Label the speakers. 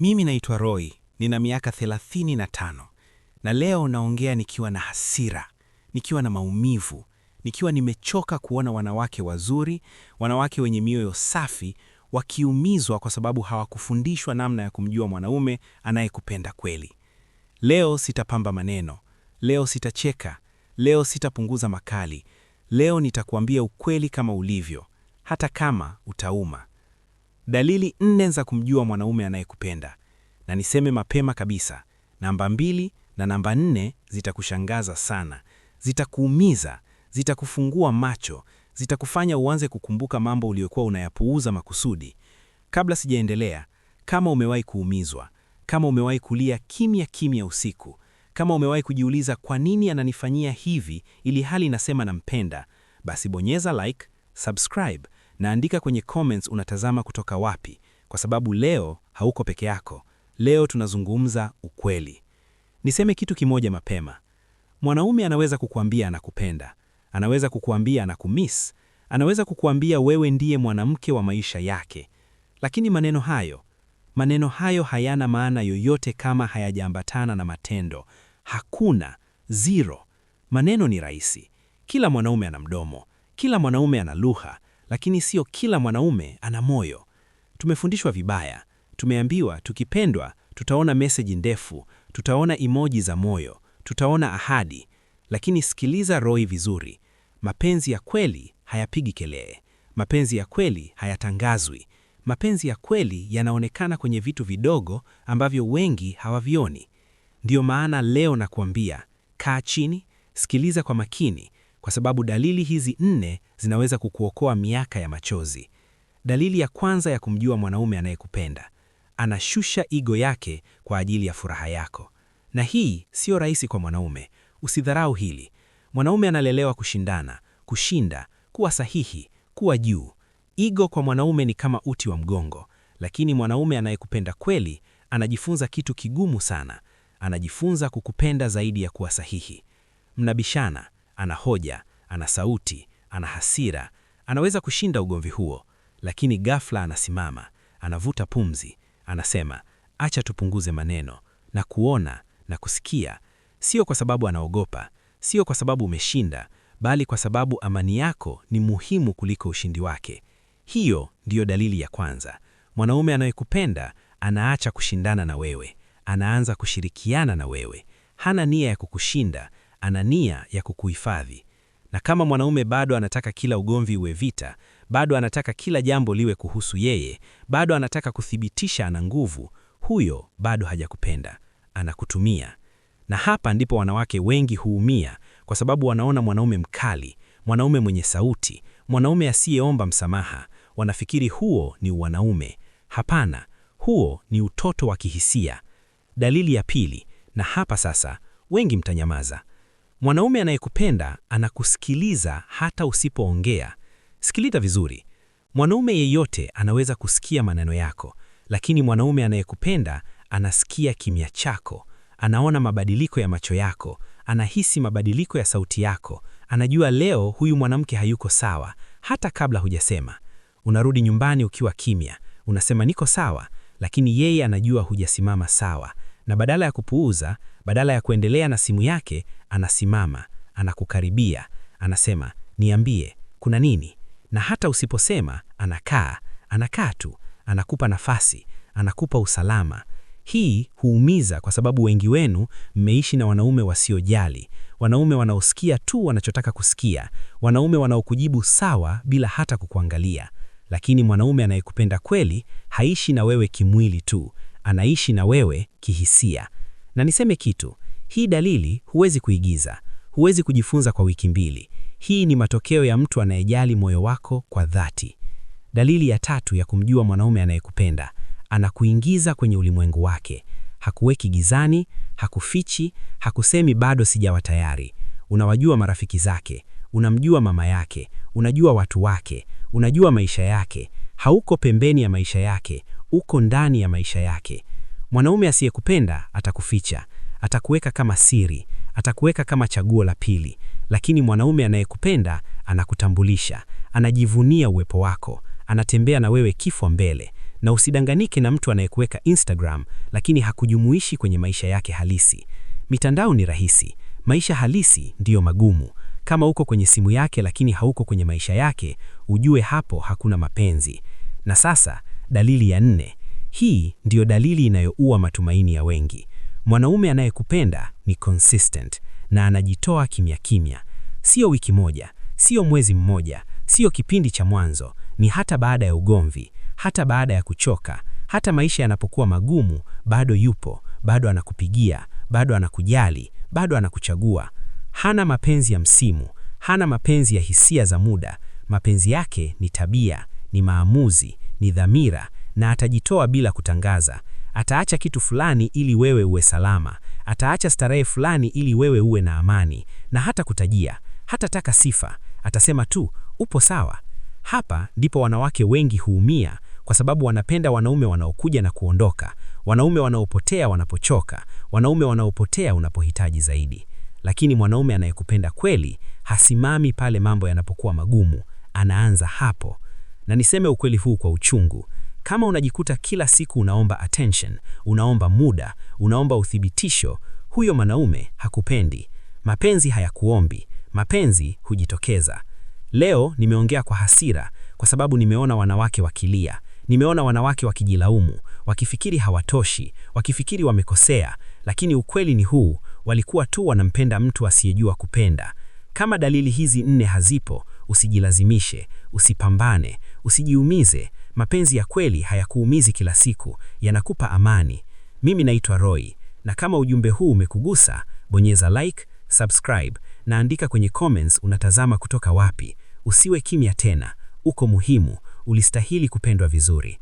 Speaker 1: Mimi naitwa Roy, nina miaka 35 na leo naongea nikiwa na hasira, nikiwa na maumivu, nikiwa nimechoka kuona wanawake wazuri, wanawake wenye mioyo safi wakiumizwa kwa sababu hawakufundishwa namna ya kumjua mwanaume anayekupenda kweli. Leo sitapamba maneno, leo sitacheka, leo sitapunguza makali. Leo nitakuambia ukweli kama ulivyo, hata kama utauma. Dalili nne za kumjua mwanaume anayekupenda. Na niseme mapema kabisa, namba mbili na namba nne zitakushangaza sana, zitakuumiza, zitakufungua macho, zitakufanya uanze kukumbuka mambo uliyokuwa unayapuuza makusudi. Kabla sijaendelea, kama umewahi kuumizwa, kama umewahi kulia kimya kimya usiku, kama umewahi kujiuliza kwa nini ananifanyia hivi ili hali nasema nampenda, basi bonyeza like, subscribe naandika kwenye comments unatazama kutoka wapi, kwa sababu leo hauko peke yako. Leo tunazungumza ukweli. Niseme kitu kimoja mapema. Mwanaume anaweza kukuambia anakupenda, anaweza kukuambia anakumiss, anaweza kukuambia wewe ndiye mwanamke wa maisha yake, lakini maneno hayo maneno hayo hayana maana yoyote kama hayajaambatana na matendo. Hakuna zero. Maneno ni rahisi, kila mwanaume ana mdomo, kila mwanaume ana lugha, lakini sio kila mwanaume ana moyo. Tumefundishwa vibaya, tumeambiwa tukipendwa tutaona meseji ndefu, tutaona emoji za moyo, tutaona ahadi. Lakini sikiliza Roy vizuri, mapenzi ya kweli hayapigi kelele, mapenzi ya kweli hayatangazwi, mapenzi ya kweli yanaonekana kwenye vitu vidogo ambavyo wengi hawavioni. Ndiyo maana leo nakuambia, kaa chini, sikiliza kwa makini kwa sababu dalili hizi nne zinaweza kukuokoa miaka ya machozi. Dalili ya kwanza ya kumjua mwanaume anayekupenda, anashusha ego yake kwa ajili ya furaha yako, na hii sio rahisi kwa mwanaume. Usidharau hili. Mwanaume analelewa kushindana, kushinda, kuwa sahihi, kuwa juu. Ego kwa mwanaume ni kama uti wa mgongo, lakini mwanaume anayekupenda kweli anajifunza kitu kigumu sana. Anajifunza kukupenda zaidi ya kuwa sahihi. Mnabishana, ana hoja, ana sauti, ana hasira, anaweza kushinda ugomvi huo, lakini ghafla anasimama, anavuta pumzi, anasema acha tupunguze maneno na kuona na kusikia, sio kwa sababu anaogopa, sio kwa sababu umeshinda, bali kwa sababu amani yako ni muhimu kuliko ushindi wake. Hiyo ndiyo dalili ya kwanza. Mwanaume anayekupenda anaacha kushindana na wewe, anaanza kushirikiana na wewe. Hana nia ya kukushinda, ana nia ya kukuhifadhi, na kama mwanaume bado anataka kila ugomvi uwe vita, bado anataka kila jambo liwe kuhusu yeye, bado anataka kuthibitisha ana nguvu, huyo bado hajakupenda, anakutumia. Na hapa ndipo wanawake wengi huumia, kwa sababu wanaona mwanaume mkali, mwanaume mwenye sauti, mwanaume asiyeomba msamaha. Wanafikiri huo ni wanaume. Hapana, huo ni utoto wa kihisia. Dalili ya pili, na hapa sasa wengi mtanyamaza. Mwanaume anayekupenda anakusikiliza hata usipoongea. Sikiliza vizuri. Mwanaume yeyote anaweza kusikia maneno yako, lakini mwanaume anayekupenda anasikia kimya chako, anaona mabadiliko ya macho yako, anahisi mabadiliko ya sauti yako, anajua leo huyu mwanamke hayuko sawa, hata kabla hujasema. Unarudi nyumbani ukiwa kimya, unasema niko sawa, lakini yeye anajua hujasimama sawa, na badala ya kupuuza, badala ya kuendelea na simu yake, Anasimama, anakukaribia, anasema niambie, kuna nini? Na hata usiposema, anakaa, anakaa tu, anakupa nafasi, anakupa usalama. Hii huumiza kwa sababu wengi wenu mmeishi na wanaume wasiojali, wanaume wanaosikia tu wanachotaka kusikia, wanaume wanaokujibu sawa bila hata kukuangalia. Lakini mwanaume anayekupenda kweli haishi na wewe kimwili tu, anaishi na wewe kihisia. Na niseme kitu, hii dalili huwezi kuigiza, huwezi kujifunza kwa wiki mbili. Hii ni matokeo ya mtu anayejali moyo wako kwa dhati. Dalili ya tatu ya kumjua mwanaume anayekupenda, anakuingiza kwenye ulimwengu wake. Hakuweki gizani, hakufichi, hakusemi bado sijawa tayari. Unawajua marafiki zake, unamjua mama yake, unajua watu wake, unajua maisha yake. Hauko pembeni ya maisha yake, uko ndani ya maisha yake. Mwanaume asiyekupenda atakuficha, atakuweka kama siri, atakuweka kama chaguo la pili, lakini mwanaume anayekupenda anakutambulisha, anajivunia uwepo wako, anatembea na wewe kifo mbele. Na usidanganike na mtu anayekuweka Instagram lakini hakujumuishi kwenye maisha yake halisi. Mitandao ni rahisi, maisha halisi ndiyo magumu. Kama uko kwenye simu yake lakini hauko kwenye maisha yake, ujue hapo hakuna mapenzi. Na sasa dalili ya nne, hii ndiyo dalili inayoua matumaini ya wengi. Mwanaume anayekupenda ni consistent na anajitoa kimya kimya, sio wiki moja, sio mwezi mmoja, sio kipindi cha mwanzo, ni hata baada ya ugomvi, hata baada ya kuchoka, hata maisha yanapokuwa magumu, bado yupo, bado anakupigia, bado anakujali, bado anakuchagua. Hana mapenzi ya msimu, hana mapenzi ya hisia za muda. Mapenzi yake ni tabia, ni maamuzi, ni dhamira, na atajitoa bila kutangaza. Ataacha kitu fulani ili wewe uwe salama, ataacha starehe fulani ili wewe uwe na amani, na hata kutajia, hata taka sifa, atasema tu upo sawa. Hapa ndipo wanawake wengi huumia, kwa sababu wanapenda wanaume wanaokuja na kuondoka, wanaume wanaopotea wanapochoka, wanaume wanaopotea unapohitaji zaidi. Lakini mwanaume anayekupenda kweli hasimami pale mambo yanapokuwa magumu, anaanza hapo. Na niseme ukweli huu kwa uchungu. Kama unajikuta kila siku unaomba attention, unaomba muda, unaomba uthibitisho, huyo mwanaume hakupendi. Mapenzi hayakuombi, mapenzi hujitokeza. Leo nimeongea kwa hasira kwa sababu nimeona wanawake wakilia, nimeona wanawake wakijilaumu, wakifikiri hawatoshi, wakifikiri wamekosea, lakini ukweli ni huu, walikuwa tu wanampenda mtu asiyejua kupenda. Kama dalili hizi nne hazipo, usijilazimishe, usipambane, usijiumize, Mapenzi ya kweli hayakuumizi kila siku, yanakupa amani. Mimi naitwa Roy, na kama ujumbe huu umekugusa, bonyeza like, subscribe na andika kwenye comments unatazama kutoka wapi. Usiwe kimya tena, uko muhimu, ulistahili kupendwa vizuri.